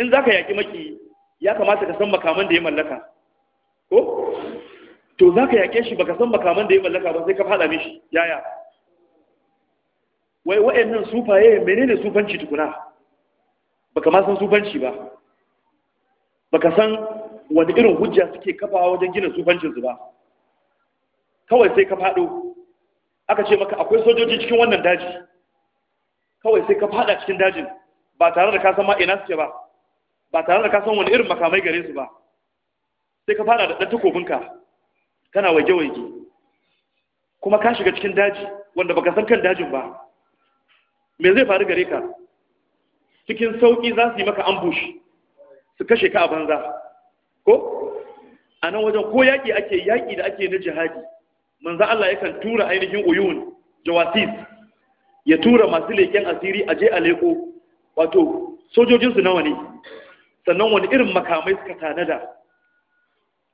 in za ka yaƙi maki ya kamata ka san makaman da ya mallaka ko to za ka yaƙe shi ba ka san makaman da ya mallaka ba sai ka faɗa mishi yaya wai wa'annan sufaye menene sufanci tukuna ba ma san sufanci ba Ba ka san wani irin hujja suke kafawa wajen gina sufancinsu ba kawai sai ka faɗo aka ce maka akwai sojoji cikin wannan daji kawai sai ka faɗa cikin dajin ba tare da ka san ma ina suke ba ba tare da ka san wani irin makamai gare su ba sai ka fara da ɗan takobinka kana waje-waje kuma ka shiga cikin daji wanda baka san kan dajin ba me zai faru gare ka cikin sauƙi za su yi maka ambush su kashe ka a banza ko a nan wajen ko yaƙi ake yaƙi da ake na jihadi manza Allah yakan tura ainihin uyun jawasis ya tura masu leken asiri a je a leko wato sojojinsu nawa ne sannan wani irin makamai suka tanada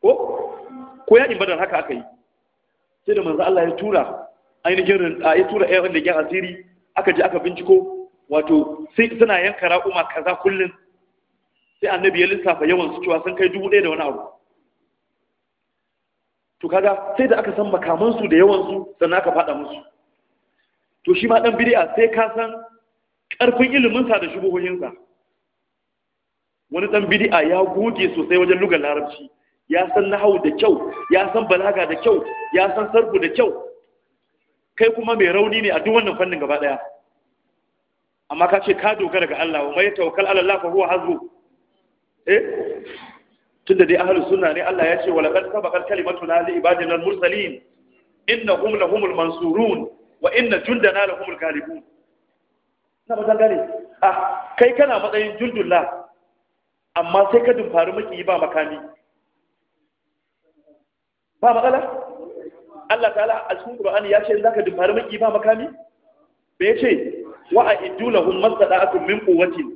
ko ko yakin badar haka aka yi sai da manzo Allah ya tura ainihin ya tura ƴan da ke asiri aka je aka binciko wato sai suna yanka raƙuma kaza kullun sai annabi ya lissafa yawan su cewa sun kai dubu ɗaya da wani abu to kaga sai da aka san makaman su da yawan su sannan aka faɗa musu to shi ma dan bid'a sai ka san ƙarfin ilimin sa da shubuhohin sa wani dan bid'a ya goge sosai wajen lugar larabci ya san nahau da kyau ya san balaga da kyau ya san sarfu da kyau kai kuma mai rauni ne a duk wannan fannin gaba daya amma ka ce ka dogara ga Allah wa mai tawakkal ala Allah fa huwa hazbu eh tunda dai ahlus sunna ne Allah ya ce wa laqad sabaqat kalimatu li ibadina al-mursalin innahum lahumul mansurun wa inna jundana lahumul ghalibun na ba gane ah kai kana matsayin jundullah amma sai ka dumfari maki ba makami ba matsala Allah ta a cikin Qur'ani ya ce za ka dumfari maki ba makami me ce wa a'iddu lahum masada'atun min quwwatin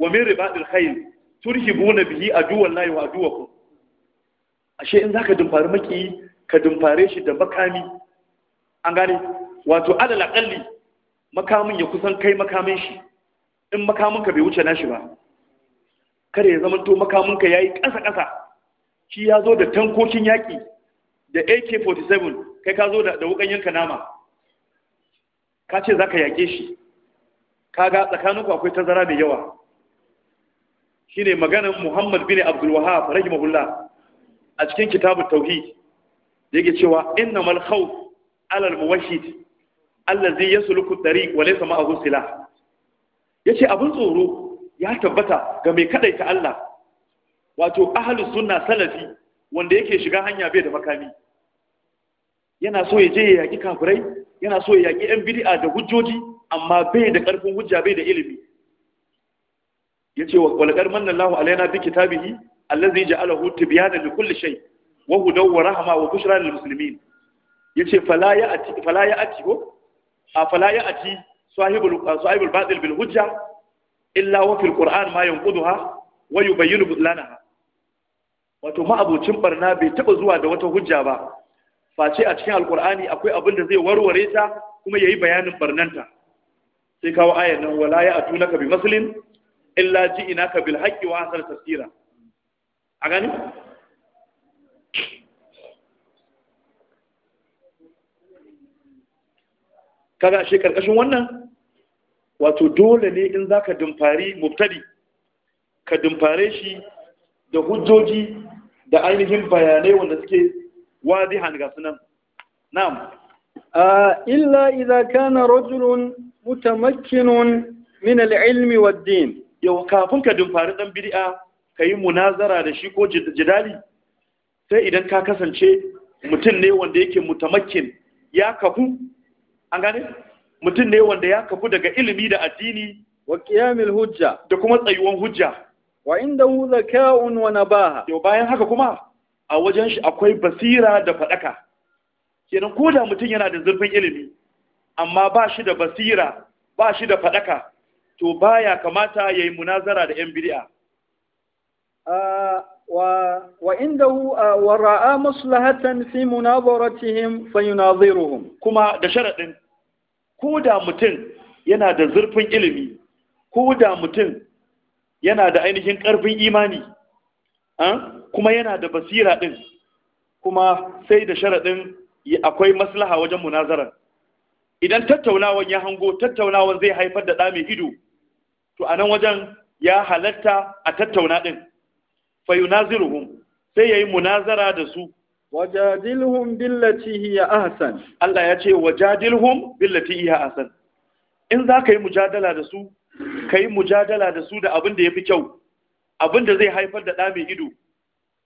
wa min ribatil khayl turhibuna bihi duwan layi wa ku. ashe in za zaka dumfari maki ka dumfare shi da makami an gane wato alal ƙalli makamin ya kusan kai makamin shi in makamin ka bai wuce nashi ba kada ya zama to makaminka ya yi ƙasa-ƙasa shi ya zo da tankokin yaƙi da ak-47 kai ka zo da wukan yanka nama ka ce za ka yaƙe shi kaga tsakaninku akwai tazara mai yawa shi ne maganin muhammad bin abdulwahab rahimahullah a cikin kitabun Tauhid, da yake cewa inna malkhawf alal muwashid allazi yasluku tariq wa laysa ma'ahu silah yace abin tsoro ya tabbata ga mai kadaita Allah wato ahlus sunna salafi wanda yake shiga hanya bai da makami yana so ya je ya yaki kafirai yana so ya yaki yan bid'a da hujjoji amma bai da karfin hujja bai da ilimi yace wa laqad manna Allahu alaina bi kitabihi allazi ja'alahu tibyana li kulli shay wa hudaw wa rahma wa bushra lil muslimin yace fala ya'ti fala ko a fala ya'ti sahibul sahibul batil bil hujja illa wa fil qur'an ma yanquduha wa yubayyinu butlanaha wato ma'abocin barna bai taba zuwa da wata hujja ba face a cikin alqur'ani akwai abin da zai warware ta kuma yayi bayanin barnanta sai kawo ayar nan wala ya naka bi muslim illa inaka bil haqqi wa asal tafsira a gani kaga shi karkashin wannan wato dole ne in za ka dumfari mubtadi ka dumfare shi da hujjoji da ainihin bayanai wanda suke wadihan ga sunan na'am illa iza kana rajulun mutamakkinun min al'ilmi wa din yau kafin ka dumfari dan ka yi munazara da shi ko jidali sai idan ka kasance mutum ne wanda yake mutamakkin ya kafu an gane mutum ne wanda ya kafu daga ilimi da addini wa kiyamil hujja da kuma tsayuwan hujja wa hu zaka'un wa nabaha to bayan haka kuma a wajen shi akwai basira da fadaka kenan ko da mutum yana da zurfin ilimi amma ba shi da basira ba shi da fadaka to baya kamata ya yi munazara da yan bid'a wa hu wa ra'a maslahatan fi munazaratihim fayunaziruhum kuma da sharadin ko da mutum yana da zurfin ilimi ko da mutum yana da ainihin ƙarfin imani kuma yana da basira ɗin kuma sai da sharaɗin akwai maslaha wajen munazarar idan tattaunawan ya hango tattaunawan zai haifar da ɗa mai ido to anan wajen ya halatta a tattauna ɗin fayunaziruhum sai ya yi munazara da su wajadilhum billati hiya ahsan Allah ya ce wajadilhum billati hiya ahsan in za ka yi mujadala da su ka yi mujadala da su da abin da ya fi kyau abin da zai haifar da ɗa mai ido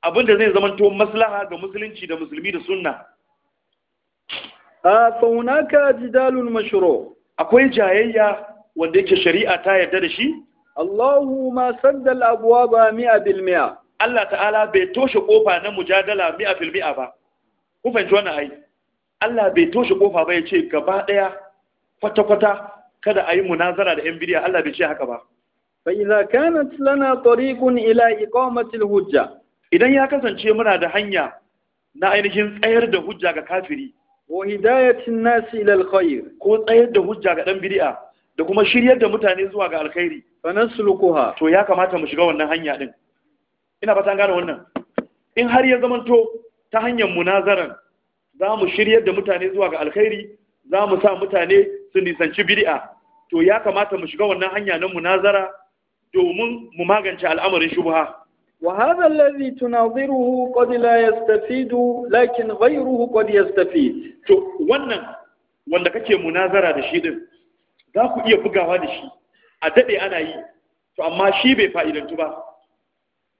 abin da zai zamanto maslaha ga musulunci da musulmi da sunna a faunaka jidalun mashuro akwai jayayya wanda yake shari'a ta yarda da shi Allahu ma saddal abwaba mi'a bil mi'a Allah ta'ala bai toshe kofa na mujadala mi'a fil mi'a ba ku fahimci wannan ai Allah bai toshe kofa ba yace gaba ɗaya kwata kwata kada ayi munazara da yan biriya. Allah bai ce haka ba fa idza kanat lana tariqun ila iqamati al-hujja idan ya kasance muna da hanya na ainihin tsayar da hujja ga kafiri wa hidayatin nas ila al-khair ko tsayar da hujja ga ɗan bidi'a da kuma shiryar da mutane zuwa ga alkhairi fa nasluquha to ya kamata mu shiga wannan hanya din ina fata gane wannan in har ya zamanto ta hanyar munazaran za mu shiryar da mutane zuwa ga alkhairi za mu sa mutane su nisanci bid'a to ya kamata mu shiga wannan hanya na munazara domin mu magance al'amarin shubha wa hadha alladhi tunadhiruhu qad la yastafidu lakin ghayruhu qad yastafid to wannan wanda kake munazara da shi din za ku iya bugawa da shi a dade ana yi to amma shi bai fa'idantu ba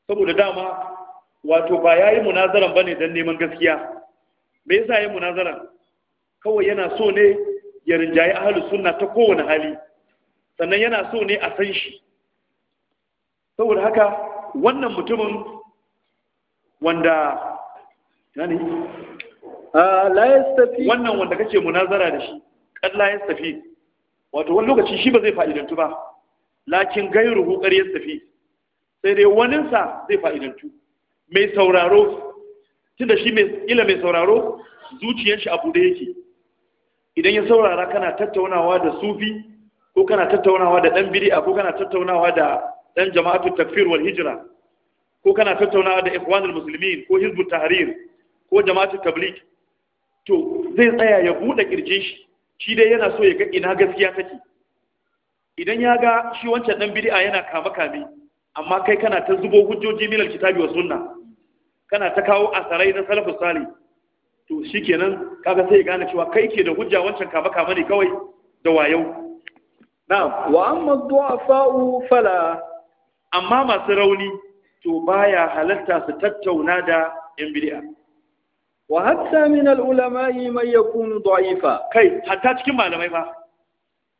saboda dama wato ba ya yi munazaran ba ne don neman gaskiya me yasa ya yi munazaran kawai yana so ne ya rinjaye ahalus sunna ta kowane hali sannan yana so ne a san shi saboda haka wannan mutumin wanda yani ah, la yastafi wannan wanda kace munazara da shi kan la yastafi wato wani lokaci shi ba zai fa'idantu ba lakin gairu, hukar qad yastafi sai dai waninsa zai fa'idantu mai sauraro da shi ila mai sauraro zuciyar shi abu da yake idan ya saurara kana tattaunawa da sufi ko kana tattaunawa da ɗan bid'a ko kana tattaunawa da ɗan jama'atu tafiyar wal hijira, ko kana tattaunawa da ikhwanul musulmi ko hizbun tahrir ko jama'atu tablik to zai tsaya ya buɗe kirjin shi shi dai yana so ya ga ina gaskiya take idan ya ga shi wancan ɗan biria yana kama kame amma kai kana ta zubo hujjoji min alkitabi wa sunna kana ta kawo asarai na salafus salih to shikenan kaga sai gane cewa kai ke da hujja wancan kaba kama ne kawai da wayo na'am wa amma du'afa'u fala amma masu rauni to baya halatta su tattauna da yan bid'a wa hatta min al-ulama'i man yakunu da'ifa kai hatta cikin malamai ba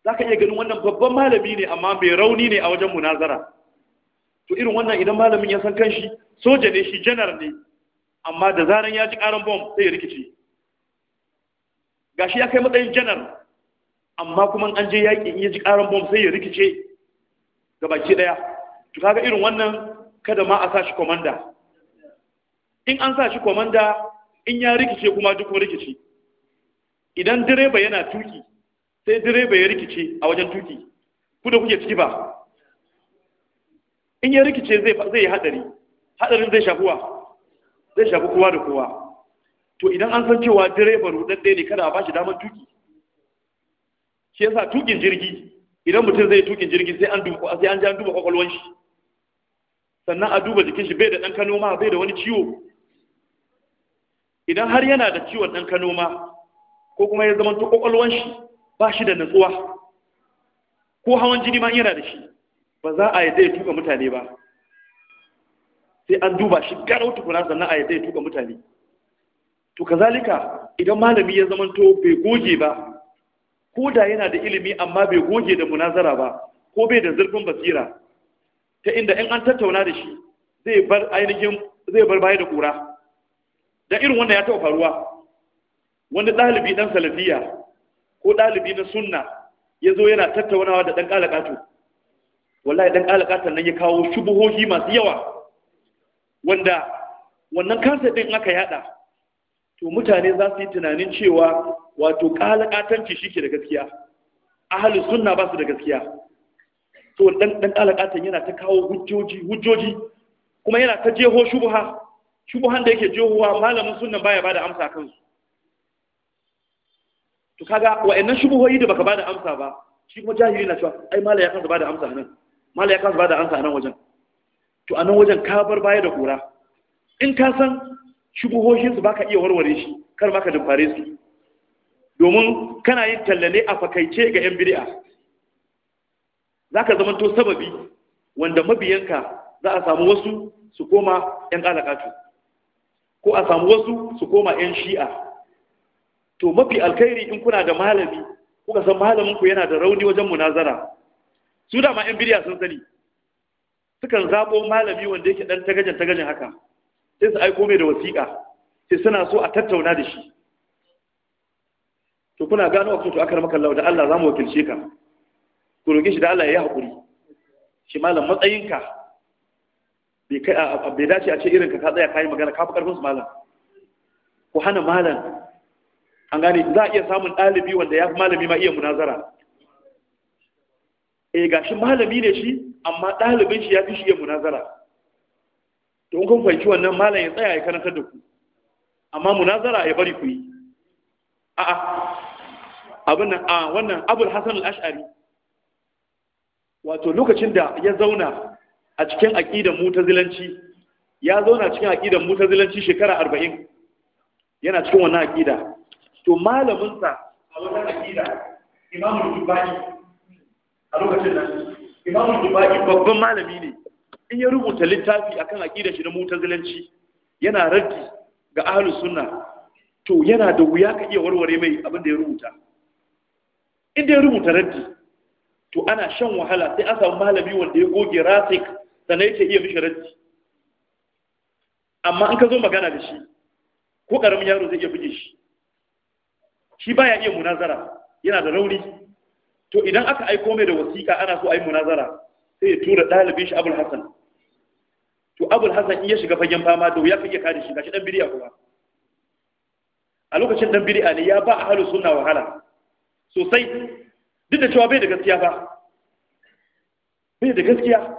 zaka iya ganin wannan babban malami ne amma bai rauni ne a wajen munazara to irin wannan idan malamin ya san kanshi soja ne shi janar ne amma da zaran ya ji karan bom sai ya rikice gashi ya kai matsayin janar amma kuma an je yaƙi in ya ji karan bom sai ya rikice ga baki daya to kaga irin wannan kada ma a sa shi komanda in an sa shi komanda in ya rikice kuma duk rikici idan direba yana tuki sai direba ya rikice a wajen tuki ku da kuke ciki ba in ya rikice zai yi hadari hadarin zai shafuwa zai shafi kowa da kowa to idan an san cewa direba ɗaya ne kada a shi damar tuki shi yasa tukin jirgi idan mutum zai tukin jirgi sai an duba sai an ji an duba kwakwalwan shi sannan a duba jikin shi bai da ɗan kano ma bai da wani ciwo idan har yana da ciwon ɗan kano ma ko kuma ya zama ta kwakwalwan shi ba shi da natsuwa ko hawan jini ma yana da shi ba za a yadda ya tuka mutane ba sai an duba shi garau tukuna sannan a yadda ya tuka mutane to kazalika idan malami ya zamanto bai goge ba ko da yana da ilimi amma bai goge da munazara ba ko bai da zurfin basira ta inda in an tattauna da shi zai bar ainihin zai bar baya da kura da irin wanda ya taɓa faruwa wani ɗalibi ɗan salafiya ko ɗalibi na sunna ya zo yana tattaunawa da ɗan ƙalaƙatu wallahi dan alƙatan nan ya kawo shubuhohi masu yawa wanda wannan kansa din aka yada to mutane za su yi tunanin cewa wato ƙalaƙatanci shi ke da gaskiya ahlus sunna ba su da gaskiya to dan dan katan yana ta kawo hujjoji hujjoji kuma yana ta jeho shubuha shubuhan da yake jehowa malamin sunna baya bada amsa a kansu to kaga wa'annan shubuhoyi da baka bada amsa ba shi kuma jahili na cewa ai malai ya kansa bada amsa nan mala ya kasa ba da ansa a nan wajen to a nan wajen ka bar baya da kura in ka san shubuhoshinsu ba ka iya warware shi kar ma ka dumfare su domin kana yin tallane a fakaice ga 'yan bid'a za ka zamanto sababi wanda mabiyanka za a samu wasu su koma 'yan ƙalaƙatu ko a samu wasu su koma 'yan shi'a to mafi alkhairi in kuna da malami kuka san malaminku yana da rauni wajen munazara su da ma yan bidiya sun sani sukan zaɓo malami wanda yake ɗan tagajin tagajin haka sai su aiko mai da wasiƙa sai suna so a tattauna da shi to kuna gano wa to akar makallawa da Allah za mu wakilce ka ku roƙe shi da Allah ya yi hakuri. shi malam matsayinka bai dace a ce irinka ka tsaya ka yi magana ka fi karfin su malam ku hana malam an gane za a iya samun ɗalibi wanda ya fi malami ma iya munazara eh gashi malami ne shi amma ɗalibin shi ya fi shi yin munazara don kun fahimci wannan malam ya tsaya ya karantar da ku amma munazara ya bari ku yi a'a abin nan a wannan abul hasan al-ash'ari wato lokacin da ya zauna a cikin aqidan mutazilanci ya zauna cikin aqidan mutazilanci shekara 40 yana cikin wannan aqida to malamin sa a wannan aqida imamul jubani a lokacin nan imamu jibaki babban malami ne in ya rubuta littafi akan aƙidar shi na mutazilanci yana raddi ga ahlus sunna to yana da wuya ka iya warware mai abin da ya rubuta in da ya rubuta raddi to ana shan wahala sai an samu malami wanda ya goge rasik sannan yake iya mishi raddi amma in ka zo magana da shi ko karamin yaro zai iya buge shi shi baya iya munazara yana da rauni to idan aka aiko mai da wasiƙa ana so a yi munazara sai ya tura ɗalibin shi abul hassan to abul hassan iya shiga fagen fama da wuya kake iya kare shi gashi dan bidiya kuma a lokacin dan bidiya ne ya ba a halu sunna wahala sosai duk da cewa bai da gaskiya ba bai da gaskiya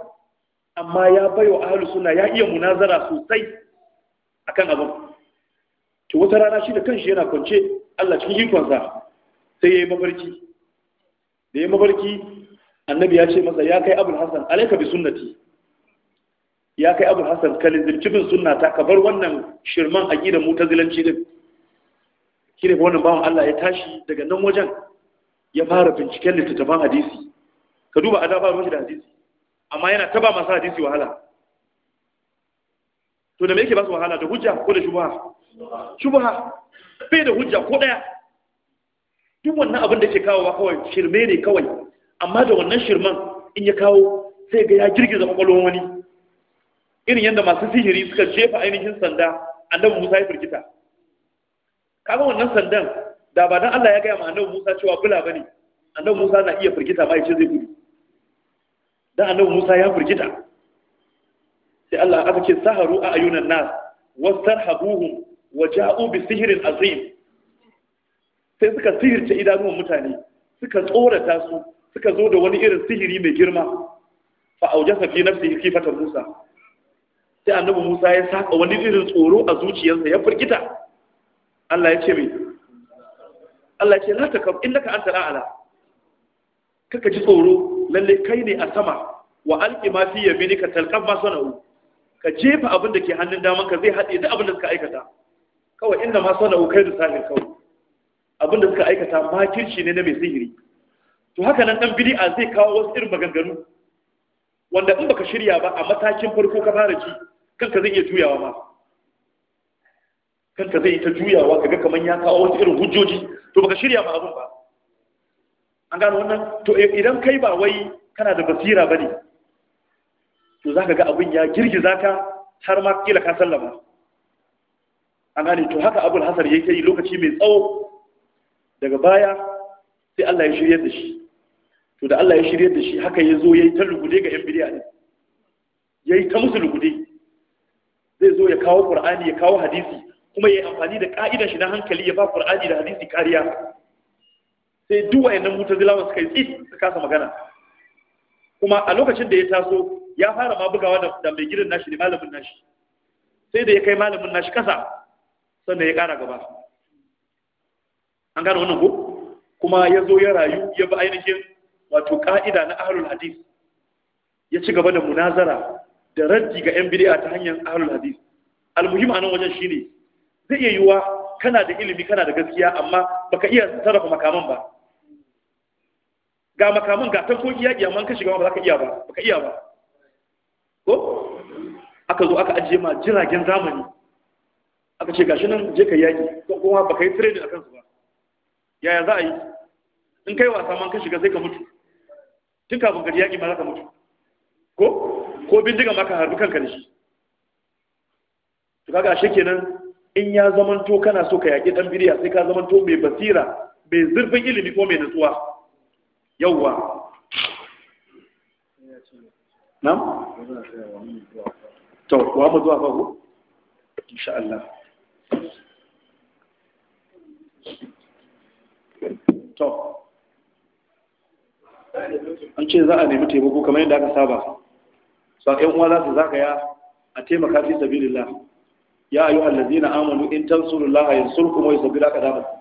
amma ya bai wa ahalu sunna ya iya munazara sosai akan abin to wata rana shi da kanshi yana kwance Allah cikin ikonsa sai ya yi mafarki da ya mabarki annabi ya ce masa ya kai abul hasan alaika bi sunnati ya kai abul hasan ka lizirci bin sunna ta ka bar wannan shirman aqidar mutazilanci din kire ba wannan bawan Allah ya tashi daga nan wajen ya fara binciken littattafan hadisi ka duba adaba mashi da hadisi amma yana taba masa hadisi wahala to da me yake ba su wahala da hujja ko da shubha shubha bai da hujja ko daya duk wannan abin da ke kawowa kawai shirme ne kawai amma da wannan shirman in ya kawo sai ga ya girgiza kwakwalwar wani irin yadda masu sihiri suka jefa ainihin sanda annabi musa ya firgita kaga wannan sandan da ba dan Allah ya gaya ma annabi musa cewa bula bane annabi musa na iya firgita ma ya zai gudu dan annabi musa ya firgita sai Allah aka ce saharu a ayunan nas wastarhabuhum wa ja'u bi sihrin azim sai suka sihirce idanuwan mutane suka tsorata su suka zo da wani irin sihiri mai girma fa aujasa fi nafsihi kifatan Musa sai annabi Musa ya saka wani irin tsoro a zuciyarsa ya firgita Allah ya ce mai Allah ya ce la takab innaka anta ala kaka ji tsoro lalle kai ne a sama wa alqi ma fi yaminika talqab ma sana'u ka jefa abin da ke hannun daman ka zai hade duk abin da suka aikata kawai inda ma sana'u kai da sahin kawai abinda suka aikata makirci ne na mai sihiri to haka nan dan bid'a zai kawo wasu irin maganganu wanda in baka shirya ba a matakin farko ka fara ji kanka zai iya juyawa ma kanka zai ta juyawa kaga kaman ya kawo wasu irin hujjoji to baka shirya ma abin ba an gano wannan to idan kai ba wai kana da basira bane to zaka ga abin ya girgiza ka har ma kila ka sallama an gane to haka abul hasar yake yi lokaci mai tsawo daga baya sai Allah ya shirye da shi to da Allah ya shirye da shi haka ya zo ya yi ta lugude ga yan bidiya ne ya yi ta musu rugude zai zo ya kawo ƙur'ani ya kawo hadisi kuma ya yi amfani da ƙa'idar shi na hankali ya ba ƙur'ani da hadisi kariya sai duk wayannan mutazilawa suka yi tsit su kasa magana kuma a lokacin da ya taso ya fara ma bugawa da mai gidan nashi da malamin nashi sai da ya kai malamin nashi kasa sannan ya ƙara gaba an gano wannan ko kuma ya zo ya rayu ya bi ainihin wato ka'ida na ahlul hadis ya ci gaba da munazara da raddi ga yan bid'a ta hanyar ahlul hadis almuhim anan wajen shine zai iya yiwuwa kana da ilimi kana da gaskiya amma baka iya sarrafa makaman ba ga makaman ga tankoki yaƙi amma ka shiga ba za ka iya ba baka iya ba ko aka zo aka ajiye ma jiragen zamani aka ce gashi nan je ka yaki ko kuma baka yi training akan su ba yaya za a yi in kai wasa man ka shiga sai ka mutu tun kafin gari yaƙi ma za ka mutu ko ko bindiga ma ka harbi kanka da shi to kaga ashe kenan in ya zamanto kana so ka yaƙi dan biriya sai ka zamanto mai basira mai zurfin ilimi ko mai nutsuwa yawwa nam to wa mu zuwa fago insha Allah an ce za a nemi taimako kamar yadda aka saba a ƴan uwa za su zagaya a taimaka fi sabilillah ya ayyuhal na amanu in tansurullaha yansurkum wa ka aqdamakum